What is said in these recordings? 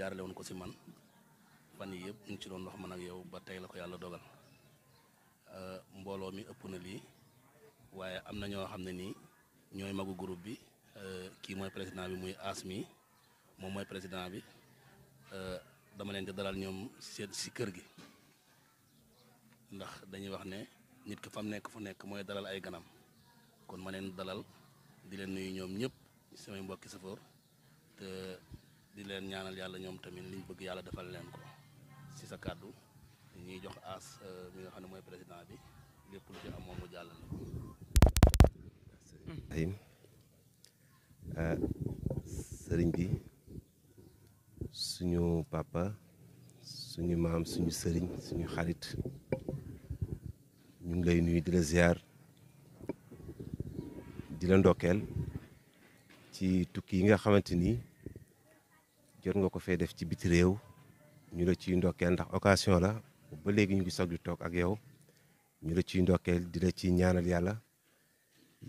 jaarale won ko si man fan yeb ñu ci doon wax man ak yow ba tay la ko yalla dogal euh, mbolo mi ëpp na li waye am na ñoo xamne ni ñoy magu groupe bi euh, ki moy president bi muy asmi mom moy president bi bi euh, dama leen di dalal ñom seet si kër gi ndax dañuy wax ne nit ko fam nekk fu nekk moy dalal ay ganam kon ma leen dalal di leen nuyu ñom ñep sama mbokk safoor te di leen ñaanal yàlla ñoom tamit liñ bëgg yàlla defal leen ko si sa kàddu ñuy jox as euh, mi nga xam ne mooy président bi lépp lu ci seringgi mu ko. Euh, sëriñ bi suñu papa suñu mam suñu sëriñ suñu xarit ñu ngi lay nuyu di la ziar di la ndokkeel ci tukki yi nga xamante jot nga ko fee def ci biti réew ñu la ciy ndokkeel ndax occasion la ba léegi ñu ngi soog di toog ak yow ñu la ciy ndokkeel di la ci ñaanal yàlla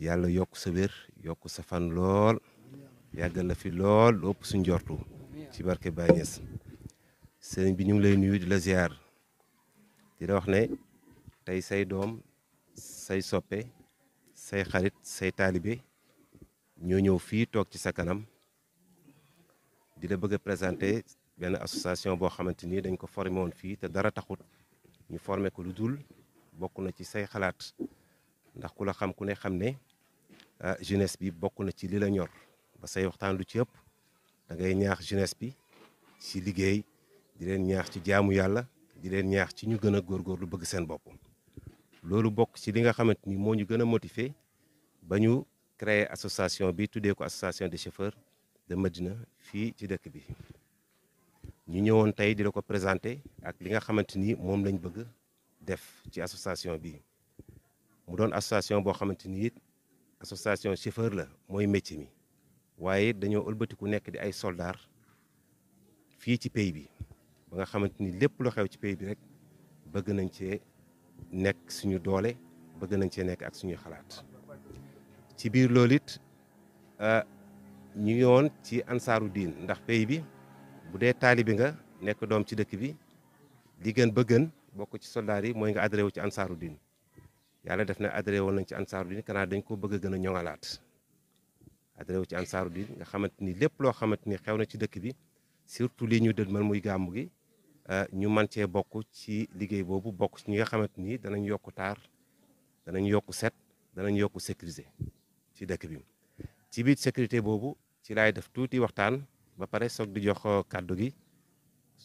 yàlla yokk sa wér yokk sa fan lool yàggal la fi lool lu ëpp su njortu ci barke Baye sëriñ bi ñu ngi lay nuyu di la ziar di la wax ne tey say doom say soppe say xarit say taalibe ñoo ñëw fii toog ci sa kanam di bëgg présenter benn association boo xamante ni dañ ko formé woon fii te dara taxut ñu formé ko lu dul bokk na ci say xalaat ndax ku la xam ku ne xam ne ah, jeunesse bi bokk na ci li la ñor ba say waxtaan lu ci ëpp da ngay ñaax jeunesse bi ci liggéey di leen ñaax ci jaamu yàlla di leen ñaax ci ñu gën a góorgóorlu bëgg seen bopp loolu bokk ci li nga xamante ni moo ñu gën a motiver ba ñu créer association bi tuddee ko association des chauffeurs de Medina fii ci dëkk bi ñu ñëwoon tey di la ko présenté ak li nga xamante ni moom lañ bëgg def ci association bi mu doon association boo xamante ni it association chauffeur la mooy métier mi waaye dañoo ëlbatiku nekk di ay soldats fii ci pays bi ba nga xamante ni lépp lu xew ci pays bi rek bëgg nañ cee nekk suñu doole bëgg nañ cee nekk ak suñu xalaat ci biir loolu it euh, ñu ngi woon ci ansaaru diin ndax pays bi bu dee taalibi nga nekk doom ci dëkk bi li gën ba gën bokk ci soldaar yi mooy nga adhéré wu ci ansaaru diin yàlla def na adhéré woon nañ ci ansaaru diin kanaa dañ ko bëgg a gën a ñoŋalaat adhéré wu ci ansaaru diin nga xamante ni lépp loo xamante ni xew na ci dëkk bi surtout lii ñu dëdmal muy gàmmu gi euh, ñu man cee bokk ci liggéey boobu bokk ci ñi nga xamante ni danañ yokk taar danañ yokk set danañ yokk sécuriser ci dëkk bi ci biir sécurité boobu ci laay def tuuti waxtaan ba pare soog di jox euh, kàddu gi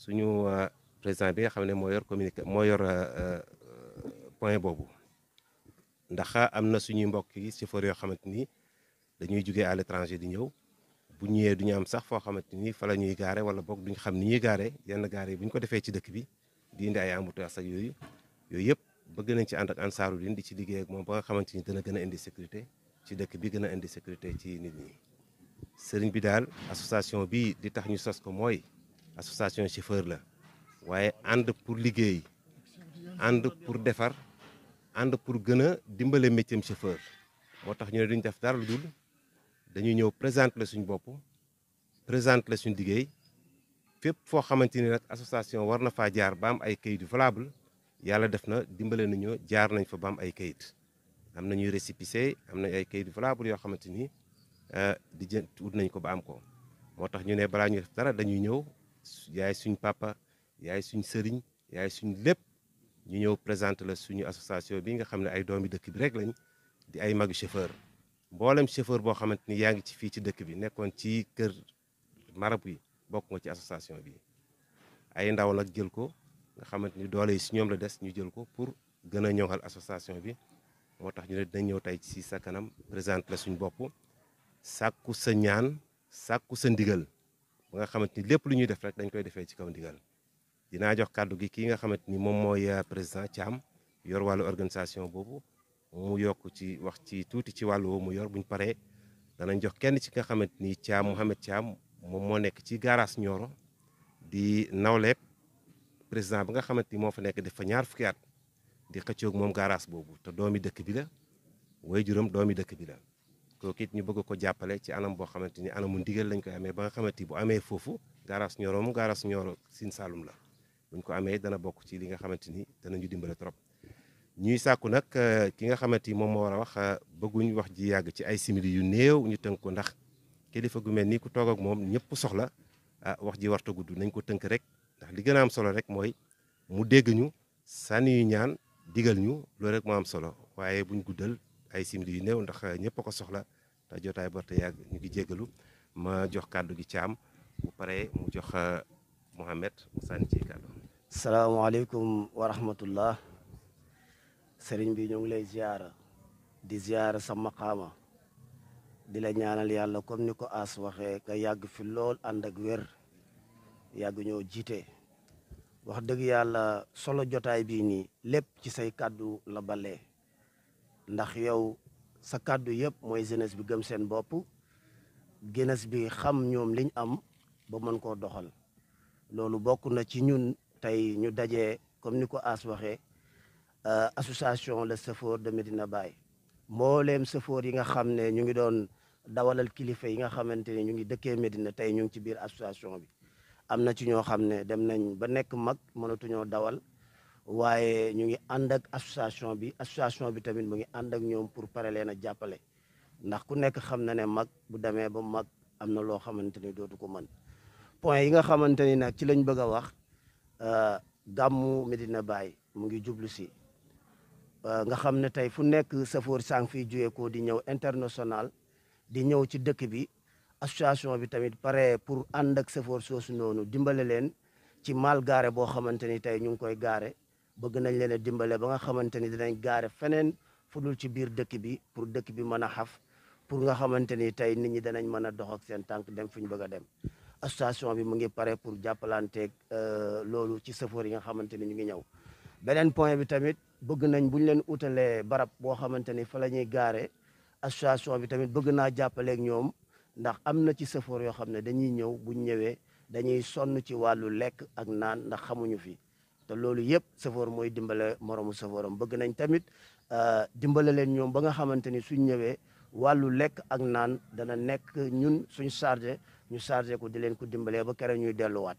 suñu euh, président bi nga xam ne moo yor communiqué moo yor euh, point boobu ndax am na suñuy mbokk yi chauffeur yoo xamante ni dañuy jugee à étranger di ñëw bu ñëwee du ñu am sax foo xamante ni fa la ñuy gaare wala boog duñu xam ni ñuy gaare yenn gaare yi bu ñu ko defee ci dëkk bi di indi ay embouteillage ak yooyu yooyu yëpp bëgg nañ ci ànd ak ansaaru din di ci liggéey ak moom ba nga xamante ni dana gën a indi sécurité ci dëkk bi gën a indi sécurité ci nit ñi sëriñ bi daal association bii di tax ñu sos ko mooy association chauffeur la waaye ànd pour liggéey ànd pour defar ànd pour gën a dimbale métier chauffeur moo tax ñu ne duñ def dara lu dul dañuy ñëw présenter la suñ bopp présenter la suñ liggéey fépp foo xamante ni nag association war na faa jaar ba am ay kayit yu valable yàlla def na dimbale nañu jaar nañ fa ba am ay kayit am nañuy récépissé am nañ ay kayit valable yoo xamante ni euh, di jënd wut nañ ko ba am ko moo tax ñu ne balaa ñu dara dañuy ñëw yaay suñ papa yaay suñ sëriñ yaay suñ lépp ñu ñëw présenter la suñu association bi nga xam ne ay doomi dëkk bi rek lañ di ay mag chauffeur mboolem chauffeur boo xamante ni yaa ngi ci fii ci dëkk bi nekkoon ci kër marab yi bokk nga ci association bi ay ndaw nag jël ko nga xamante ni doole yi si ñoom la des ñu jël ko pour gën a ñoŋal association bi motax ñu ne dañ ñew tay ci sa kanam présenter la suñu bop sakku sa ñaan sakku sa ndigal ba nga xamanteni ni lu ñuy def rek dañ koy defé ci kaw ndigal dina jox kàddu gi ki nga xamanteni ni moy mooy euh, président Thiam yor walu organisation bobu mu yok ci wax ci tuuti ci walu mu yor buñ jox kenn ci nga ni mohammed Mouhamed Thiam moom moo ci garage ñoro di nawlep président bi nga xamanteni mo fa nek def fa ñaar fukiat di xëccoog mom garage bobu te doomi dëkk bi la way juroom doomi dëkk bi la kooku it ñu bëgg ko jappalé ci anam bo xamanteni ni mu ndigal lañ koy amé ba nga xamanteni bu amé fofu garage ñoroom garage ñoro sin salum la buñ ko amé dana bok ci li nga xamanteni dana ñu dimbalé trop ñuy saku nak euh, ki nga xamanteni mom mo wara wax euh, bëgguñ wax ji yag ci ay simili yu neew ñu tënk ko ndax kelifa gu melni ku toog ak mom ñepp soxla ah, wax ji warta guddu nañ ko tënk rek ndax li gëna am solo rek moy mu dégg ñu sani ñaan digal ñu lo rek mo am solo waaye buñ guddal ay di yu neew ndax ñepp ko soxla te jotaay ba ñu ngi jégalu ma jox kaddu gi caam bu paré mu jox euh, mohammed mu ci kaddu assalamu alaykum wa rahmatullah serigne bi ñu ngi lay ziara di ziara sa maqama di la ñaanal yalla comme niko as waxe ka yag fi lol ak ñoo jité wax dëgg yàlla solo jotaay bii nii lépp ci say kàddu la balee ndax yow sa kàddu yëpp mooy jeunesse bi gëm seen bopp jeunesse bi xam ñoom liñ am ba mën koo doxal loolu bokk na ci ñun tey ñu dajee comme ni ko As waxee euh, association le chauffeur de Medina Baye mbooleem chauffeur yi nga xam ne ñu ngi doon dawalal kilifa yi nga xamante ne ñu ngi dëkkee Medina tey ñu ngi ci biir association bi am na ci ñoo xam ne dem nañ ba nekk mag mënatuñoo dawal waaye ñu ngi ànd ak association bi association bi tamit mu ngi ànd ak ñoom pour pare leen a jàppale ndax ku nekk xam na ne mag bu demee ba mag am na loo xamante ni dootu ko man point yi nga xamante ni nag ci lañ bëgg a wax euh, gàmmu Medina Baye mu ngi jublu si euh, nga xam ne tey fu nekk safoor sang fiy juyee ko di ñëw international di ñëw ci dëkk bi association bi tamit pare pour ànd ak safoor soosu noonu dimbale leen ci mal gare boo xamante ni tey ñu ngi koy gaare bëgg nañ leen a ba nga xamante ni dinañ gaare feneen fu dul ci biir dëkk bi pour dëkk bi mën a xaf pour nga xamante ni tey nit ñi danañ mën a dox ak seen tànk dem fu ñu bëgg a dem association bi mu ngi pare pour jàppalanteeg euh, loolu ci safoor yi nga xamante ni ñu ngi ñëw beneen point bi tamit bëgg nañ buñ leen utalee barab boo xamante ni fa la ñuy gaare association bi tamit bëgg naa jàppaleeg ñoom ndax am na ci safoor yoo xam ne dañuy ñëw buñ ñëwee dañuy sonn ci wàllu lekk ak naan ndax xamuñu fi te loolu yëpp safoor mooy dimbale moromu safooram bëgg nañ tamit euh, dimbale leen ñoom ba nga xamante ni suñ ñëwee wàllu lekk ak naan dana nekk ñun suñ chargé ñu chargé ko di leen ko dimbalee ba kere ñuy delluwaat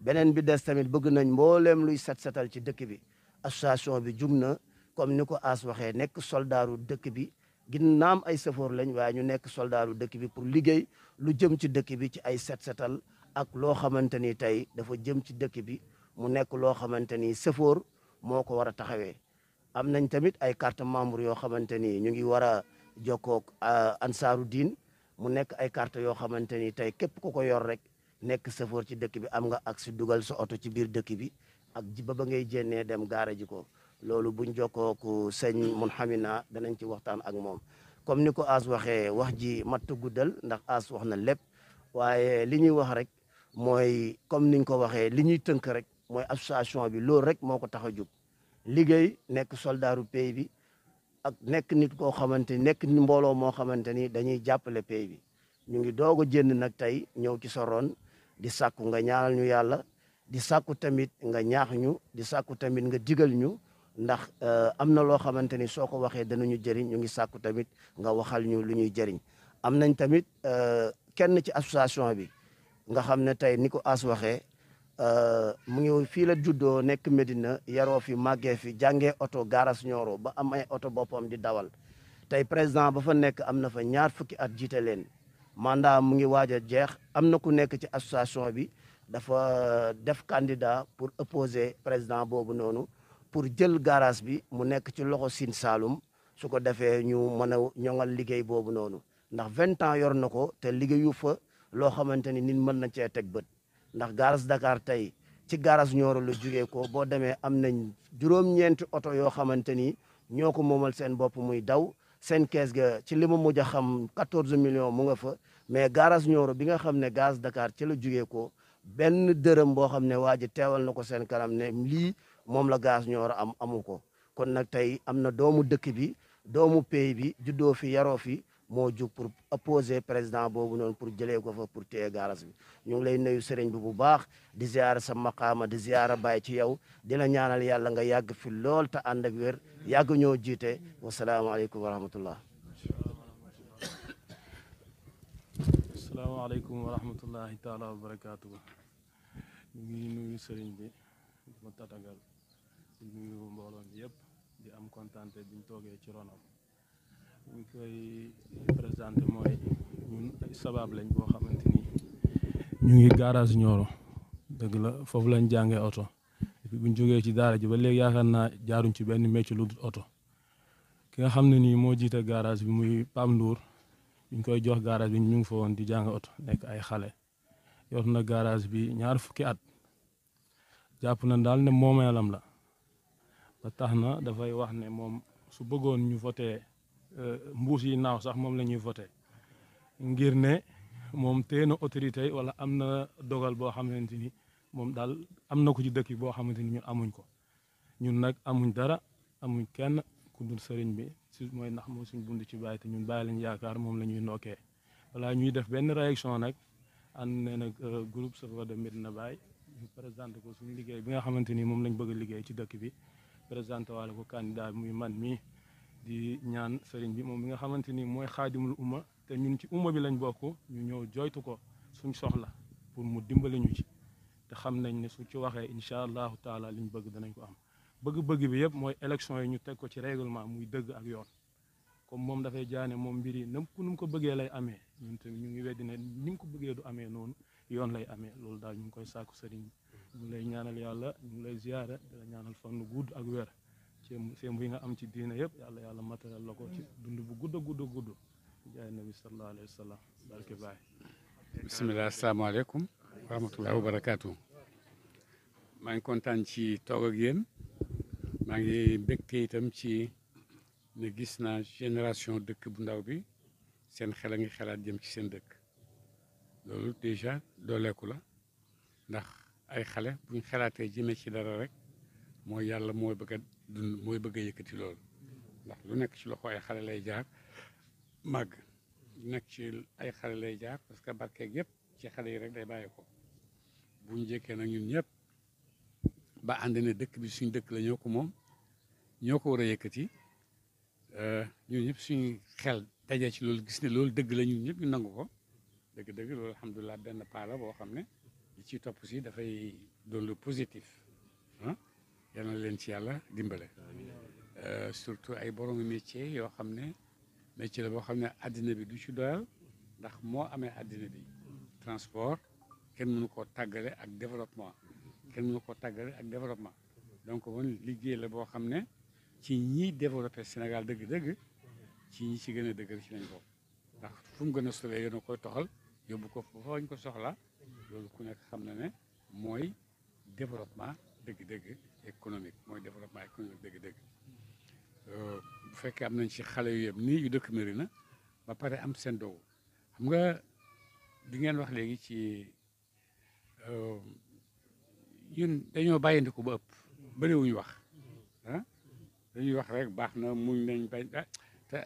beneen bi des tamit bëgg nañ mbooleem luy set setal ci dëkk bi association bi jug na comme ni ko aas waxee nekk soldaaru dëkk bi ginnaam ay safoor lañ waaye ñu nekk soldaaru dëkk bi pour liggéey lu jëm ci dëkk bi ci ay set setal ak loo xamante ni tey dafa jëm ci dëkk bi mu nekk loo xamante ni safoor moo ko war a taxawee. am nañ tamit ay carte membre yoo xamante ni ñu ngi war a jokkoo ak euh, ansaaru diin mu nekk ay carte yoo xamante ni tey képp ku ko yor rek nekk safoor ci dëkk bi am nga ak si dugal sa oto ci biir dëkk bi ak ji ba ngay jénnee dem gaara ji ko. loolu buñ jokkooku sëñ Munhamina danañ ci waxtaan ak moom comme ni ko As waxee wax ji matt guddal ndax As wax na lépp waaye li ñuy wax rek mooy comme niñ ko waxee li ñuy tënk rek mooy association bi loolu rek moo ko tax a jóg liggéey nekk soldaaru pays bi ak nekk nit koo xamante nekk mbooloo moo xamante ni dañuy jàppale pays bi ñu ngi doog a jënd nag tey ñëw ci soroon di sàkku nga ñaanal ñu yàlla di sàkku tamit nga ñaax ñu di sàkku tamit nga digal ñu ndax eh, am na loo xamante ni soo ko waxee danañu jëriñ ñu ngi sàkku tamit nga waxal ñu lu ñuy jëriñ am nañ tamit eh, kenn ci association bi nga xam ne tey ni ko as waxee eh, mu ngi fii la juddoo nekk Medina yaroo fi màggee fi jàngee oto gaaras Nioro ba am ay oto boppam di dawal tey président ba fa nekk am na fa ñaar fukki at jiite leen mandat mu ngi waaj jeex am na ku nekk ci association bi dafa def kandida pour opposer président boobu noonu pour jël garage bi mu nekk ci loxo Sine Saalum su ko defee ñu mën a ñoŋal liggéey boobu noonu ndax vingt ans yor na ko te liggéeyu fa loo xamante ni nit mën na cee teg bët ndax garage Dakar tey ci garage Nioro la jugee ko boo demee am nañ juróom-ñeenti oto yoo xamante ni ñoo ko moomal seen bopp muy daw seen kees ga ci li mu mujj a xam quatorze million mu nga fa mais garage Nioro bi nga xam ne garage Dakar ci la jugee ko benn dërëm boo xam ne waa ji teewal na ko seen kanam ne moom la gaz Nioro am amu ko kon nag tey am na doomu dëkk bi doomu pays bi juddoo fi yaroo fi moo jug pour opposer président boobu noonu pour jëlee ko fa pour téye garas bi ñu ngi lay nuyu sëriñ bi bu baax di ziara sa maqaama di ziara bàyyi ci yow dina la ñaanal yàlla nga yàgg fi lool te ànd ak wér yàgg ñoo jiite wasalaamaaleykum wa rahmatullah asalaamaaleykum wa rahmatullahi taala wa barakaatu ñu ngi nuyu sëriñ bi di nuyu mbooloo mi yëpp di am kontante biñ toogee ci ronam ñu koy présenté mooy sabab lañ boo xamante ni ñu ngi garage Nioro dëgg la foofu lañ jàngee oto buñ jógee ci daara ji ba léegi yaakaar naa jaaruñ ci benn métier lu dul oto ki nga xam ne nii moo jiite garage bi muy Pam Ndour ñu koy jox garage bi ñu ngi fa woon di jàng oto nekk ay xale yor na garage bi ñaar fukki at jàpp na daal ne moomeelam la ba tax na dafay wax ne moom su bëggoon ñu voté euh, mbuus yi naaw sax moom la ñuy voté ngir ne moom tee na autorité yi wala am na dogal boo xamante ni moom daal am na ko ci dëkk boo xamante ni ñun amuñ ko ñun nag amuñ dara amuñ kenn ku dul sëriñ bi si mooy ndax moo suñ bund ci bàyyi te ñun bàyyi lañ yaakaar moom la ñuy nokkee wala ñuy def benn réaction nag ànd ne nag euh, groupe chauffeur de Médina Baye ñu présenté ko suñu liggéey bi nga xamante ni moom lañ bëgg a liggéey ci dëkk bi présenté waale ko candidat bi muy man mii di ñaan sëriñ bi moom mi nga xamante ni mooy xaadimul uma te ñun ci uma bi lañ bokk ñu ñëw joytu ko suñ soxla pour mu dimbali ñu ci te xam nañ ne su ci waxee incha allahu taala liñ bëgg danañ ko am bëgg-bëgg bi yëpp mooy élection yi ñu teg ko ci règlement muy dëgg ak yoon comme moom dafay jaane moom mbir yi nam nu mu ko bëggee lay amee ñun tamit ñu ngi weddi ne ni mu ko bëggee du amee noonu yoon lay amee loolu daal ñu ngi koy sàkku sëriñ ñu ngi lay ñaanal yàlla ñu ngi lay ziyaara di la ñaanal fan gudd ak wér ci feem bi nga am ci diine yëpp yàlla yàlla matériel la ko ci dund bu gudd gudd gudd jaay nabi sallallahu alayhi wa barakaatu maa ngi kontaan ci toog ak yéen maa ngi mbégte itam ci ne gis naa génération dëkk bu ndaw bi seen xel a ngi xalaat jëm ci seen dëkk loolu déjà dooleeku la ndax ay xale buñ xalaatee jëmee ci dara rek mooy yàlla mooy bëgg dund mooy bëgg a yëkkati loolu ndax lu nekk ci loxo ay xale lay jaar màgg lu ci ay xale lay jaar parce que barkeeg yëpp ci xale yi rek day bàyyi ko buñ njëkkee nag ñun ñëpp ba ànd ne dëkk bi suñ dëkk la ko moom ñoo ko war a yëkkati eh, ñun ñëpp suñu xel dajee ci loolu gis ne loolu dëgg la ñun ñëpp ñu nangu ko dëgg-dëgg loolu alhamdulilah benn paa boo xam ne li top aussi si dafay doon lu positif hein yalla na leen ci yàlla dimbale euh, surtout ay borom métier yo xamné métier la bo xamné adina bi du ci doyal ndax mo amé adina bi transport ken mënu ko tàggale ak développement ken mënu ko tàggale ak développement donc won liggéey la boo xam ci ñi développer Sénégal deug deug ci ñi ci gëna a dëggal ci lañ ko ndax fu mu gëna a solee yéen a toxal yóbbu ko foofa ko soxla loolu ku nekk xam na ne mooy développement dëgg-dëgg économique mooy développement économique dëgg-dëgg euh, bu fekkee am nañ ci xale yu yem nii yu dëkk mari na ba pare am seen dow xam nga di ngeen wax léegi ci euh, ñun dañoo bàyyindiku ba ëpp bëriwuñu wax ah dañuy wax rek baax na muñ nañ bañ te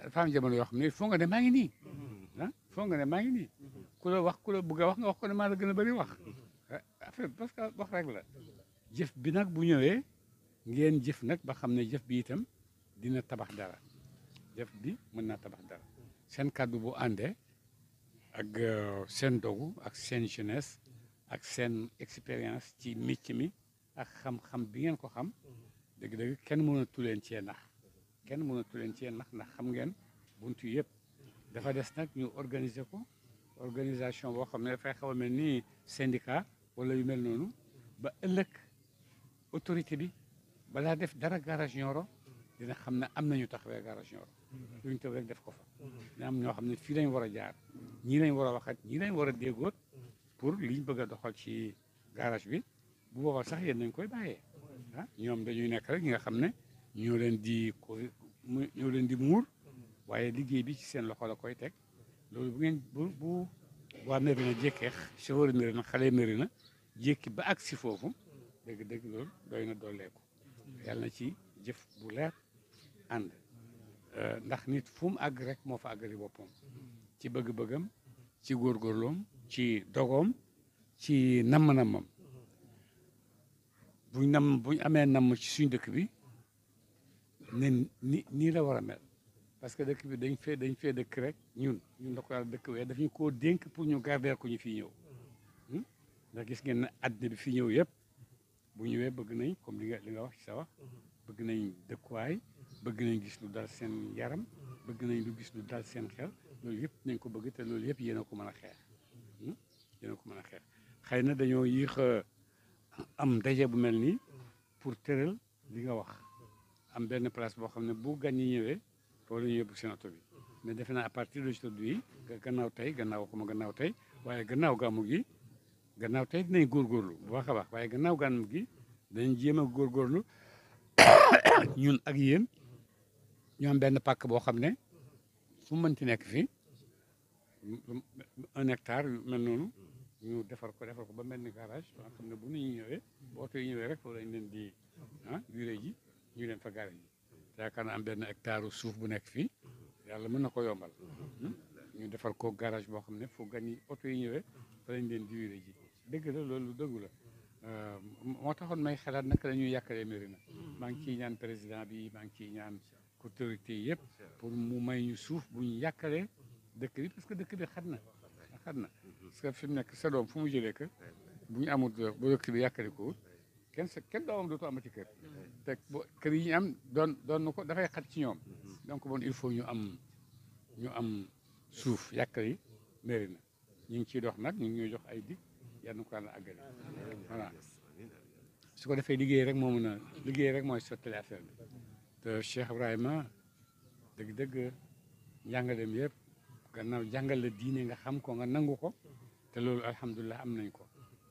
dafa am jamono yoo xam maa ngi nii foo nga ne maa ngi nii ah. kula wax kula bëgg wax nga wax ko ne maa la gën a bëri wax affaire parce que wax rek la jëf bi nag bu ñëwee ngeen jëf nag ba xam ne jëf bi itam dina tabax dara jëf bi mën naa tabax dara seen kàddu bu àndee ak euh, seen dogu ak seen jeunesse ak seen expérience ci métier mi ak xam-xam bi ngeen ko xam dëgg-dëgg kenn mën a tuleen cee nax kenn mën a tuleen cee nax ndax xam ngeen buntu yëpp dafa des nag ñu organiser ko organisation boo xam ne dafay xaw a mel ni syndicat wala yu mel noonu ba ëllëg autorité bi balaa def dara garage Nioro dina xam ne am nañu taxawee garage Nioro mhm. luñ tëb rek def ko fa mhm. ñoo xam ne fii lañ war a jaar ñii lañ war a waxat ñii lañ war a déggoot mhm. pour liñ bëgg a doxal ci garage bi bu boobaa sax yéen nañ koy bàyyee ah, ñoom dañuy nekk rek ñi nga xam ne ñu leen di ko ñoo leen di muur waaye liggéey bi ci seen loxo la koy teg loolu bu ngeen bu bu waa Mérina jékkee chauffeur jékki ba si foofu dëgg dëgg loolu doy na dooleeku yàlla na ci jëf bu leer ànd euh, ndax nit fu mu àgg rek moo fa àggali boppam ci bëgg-bëggam ci góorgóorloom ci dogoom ci namm-nammam buñ namm buñ amee namm ci suñ dëkk bi ni nii la war a mel parce que dëkk bi dañ fee dañ fee dëkk rek ñun ñun da ko yàlla dëkk wee daf ñu koo dénk pour ñu garder ko ñu fi ñëw hmm? ndax gis ngeen ne àddina bi fi ñëw yëpp bu ñëwee bëgg nañ comme li nga li nga wax ci sa wax bëgg nañ dëkkuwaay bëgg nañ gis lu dal seen yaram bëgg nañ lu gis lu dal seen xel loolu yëpp nañ ko bëgg te loolu yëpp yéen a ko mën a xeex hmm? yéen xëy na dañoo yéex a am daje bu mel nii pour tëral li nga wax am benn place boo xam ne bu gan ñi ñëwee foofu la ñuy yóbbu sénato bi mais defe naa à partir d'aujourd'hui gannaaw tey gannaaw waxuma gannaaw tey waaye gannaaw gàmmu gi gannaaw tey dinañ góorgóorlu bu baax a baax waaye gannaaw gàmmu gi dañ jéem a góorlu ñun ak yéen ñoom benn pàkk boo xam ne fu mu mënti nekk fii un hectare mel noonu ñu defar ko defar ko ba mel ni garage ba nga xam ne bu ñu ñëwee bu oto ñëwee rek foofu lañ leen di ah yuree ñu leen fa yaakaar naa am benn hectare suuf bu nekk fii yàlla mën na ko yombal ñu defal ko garage boo xam ne fu gan yi oto yi ñëwee fa leen diwire ji dëgg la loolu dëgg la euh, moo taxoon may xalaat naka lañuy ñuy yàqalee Médina maa ngi ciy ñaan président bi maa ngi ciy ñaan autorité yëpp pour mu may ñu suuf bu ñu yàqalee dëkk bi parce que dëkk bi xat na xat na parce que fi mu nekk sa doom fu mu jëlee que bu ñu amul bu dëkk bi yàqale ko kenn sa kenn doomam dootoo amati kër te kër yi ñu am doon doon na ko dafay xat ci ñoom donc bon il faut ñu am ñu am suuf yàkkar yi mari na ñu ngi ciy dox nag ñu ngi ñuy jox ay dig yanna ko yàlla àggali voilà su ko defee liggéey rek moo mën a liggéey rek mooy sottali affaire bi te Cheikh Ibrahima dëgg-dëgg njàngaleem yëpp gannaaw jàngal la diine nga xam ko nga nangu ko te loolu alhamdulilah am nañ ko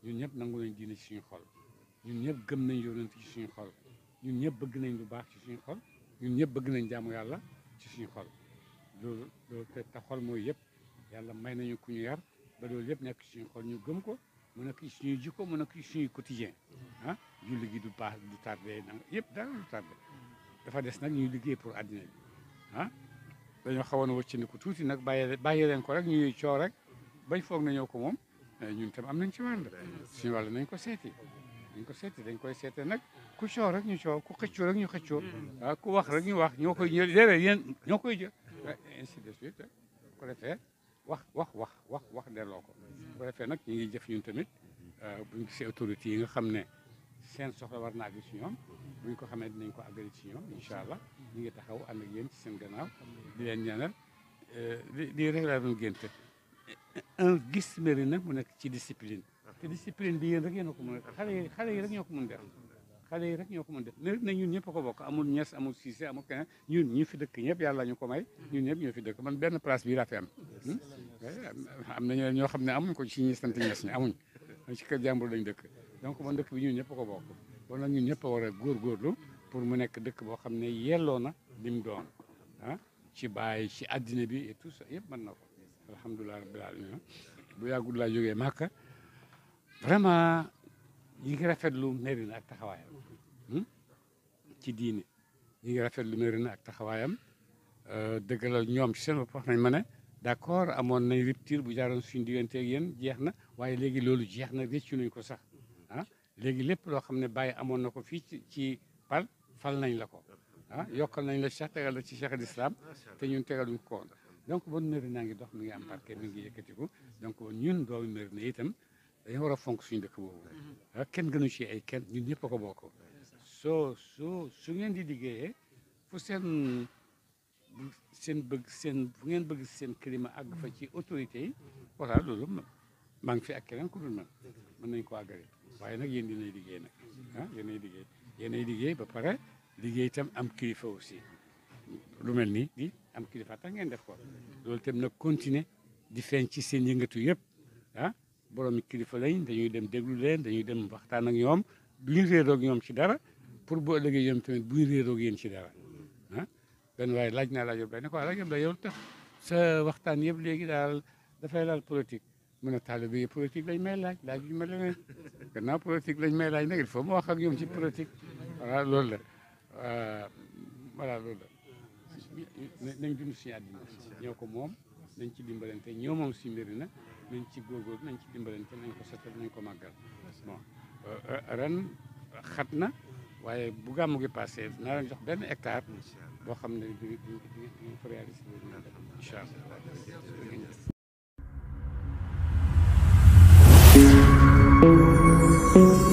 ñun ñëpp nangu nañ diine ci suñu xool ñun ñëpp gëm nañ yonent ci suñu xol ñun ñëpp bëgg nañ lu baax ci suñu xol ñun ñëpp bëgg nañ jaamu yàlla ci suñu xol loolu loolu te te xol mooy yëpp yàlla may nañu ku ñu yar ba loolu yëpp nekk ci suñu xol ñu gëm ko mu nekk ci suñu jikko mu nekk ci suñu quotidien ah julli gi du baax du tardé na yëpp dara du tardé dafa des nag ñuy liggéey pour àddina bi ah dañoo xawoon wëccandiku tuuti nag bàyyi bàyyi ko rek ñuy coow rek bañ foog na ko moom eh, ñun tam am nañ ci wàll ko seeti ñu ko seeti dañ koy seete nag ku coow rek ñu coow ku xëccoo rek ñu xëccoo waaw ah, ku wax rek ñu wax ñoo koy jël déedéet yéen ñoo koy jël ah, ainsi de suite ko defee wax wax wax wax wax delloo ko ko defee nag ñu ngi jëf ñun tamit ah, buñ gisee autorités yi nga xam ne seen soxla war na bi ci ñoom buñ ko xamee dinañ ko àggali ci allah ñu ngi taxaw ànd ak ci seen gannaaw di leen ñaanal li rek laa doon génte gis mari na mu nekk ci discipline te discipline bi yéen rek yéen a ko mën a xale yi xale ko mën def xale yi ñun ñëpp ko bokk amul ñes amul siise amul keneen ñun ñi fi dëkk ñëpp yàlla ñu ko may ñun ñëpp ñoo fi dëkk man benn place bii laa fi am hmm? eh, am nañu ñoo xam ne amuñ ko ci ñi sant ñes ñi amuñ ci kër jàmbur lañ dëkk donc man dëkk bi ñun ñëpp a ko bokk kon nag ñun ñëpp a war a góorgóorlu pour mu nekk dëkk boo xam ne yelloo na lim doon ah ci bàyyi ci àddina bi et tout ça yëpp man na ko alhamdulilah rabbil alamin bu yàggul laa jógee Màkka vraiment ñi ngi lu Mérina ak taxawaayam hmm? ci diine ñi ngi lu Mérina ak taxawaayam euh, dëgg la ñoom ci seen wax nañ ma d'accord amoon nañ rupture bu jaaroon suñu diggante ak yeen jeexna waye waaye lolu jeexna jeex na nañ ko sax han ah, léegi lépp lo xamné baye bàyyi amoon na ko fii ci ci pal fal nañ la ko han ah, yokal nañ la Cheikh tegal ci Cheikh al Islam te ñun tegaluñ ko donc bon Mérina ngi dox mi ngi am barke mi ngi yëkkatiku donc ñun doomu Mérina itam dañoo war a fonk suñu dëkk boobu mhm. ah, kenn gënu ci ay kenn ñun ñëpp ko bokk soo su su ngeen di liggéeyee fu seen seen bëgg seen fu ngeen bëgg seen climat ak fa ci autorité yi mhm. voilà loolu maa ngi fi ak kenn ku dul man mhm. mën nañ ko àggale waaye nag yéen dinay liggéey nag ah yéenay liggéey ba pare liggéey tam am kilifa aussi lu mel nii di am kilifa tax ngeen def ko loolu itam nag continuer di feeñ ci seen yëngatu yëpp ah, boroomi kilifa lañ dañuy dem déglu leen dañuy dem waxtaan ak ñoom duñu réeroo ak ñoom ci dara pour bu ëllëgee ñoom tamit bu réeroo ak yéen ci dara ah waaye laaj naa laaj bay ne ko laaj la yow tax sa waxtaan yëpp léegi daal dafay laal politique mu ne taalibe yi politique lañ may laaj laaj bi ma leneen gannaaw politique lañ may laaj ne il faut mu wax ak ñoom ci politique voilà loolu la euh, voilà loolu la nañ dund suñu àddina ñoo ko moom nañ ci dimbalante ñoo moom si mbir na nañ ci góorgóorlu nañ ci dimbalante nañ ko setal nañ ko màggal bon euh, ren xat na waaye bu gàmmu gi passé naa leen jox benn hectare boo xam ne di di di ko réaliser incha allah thank you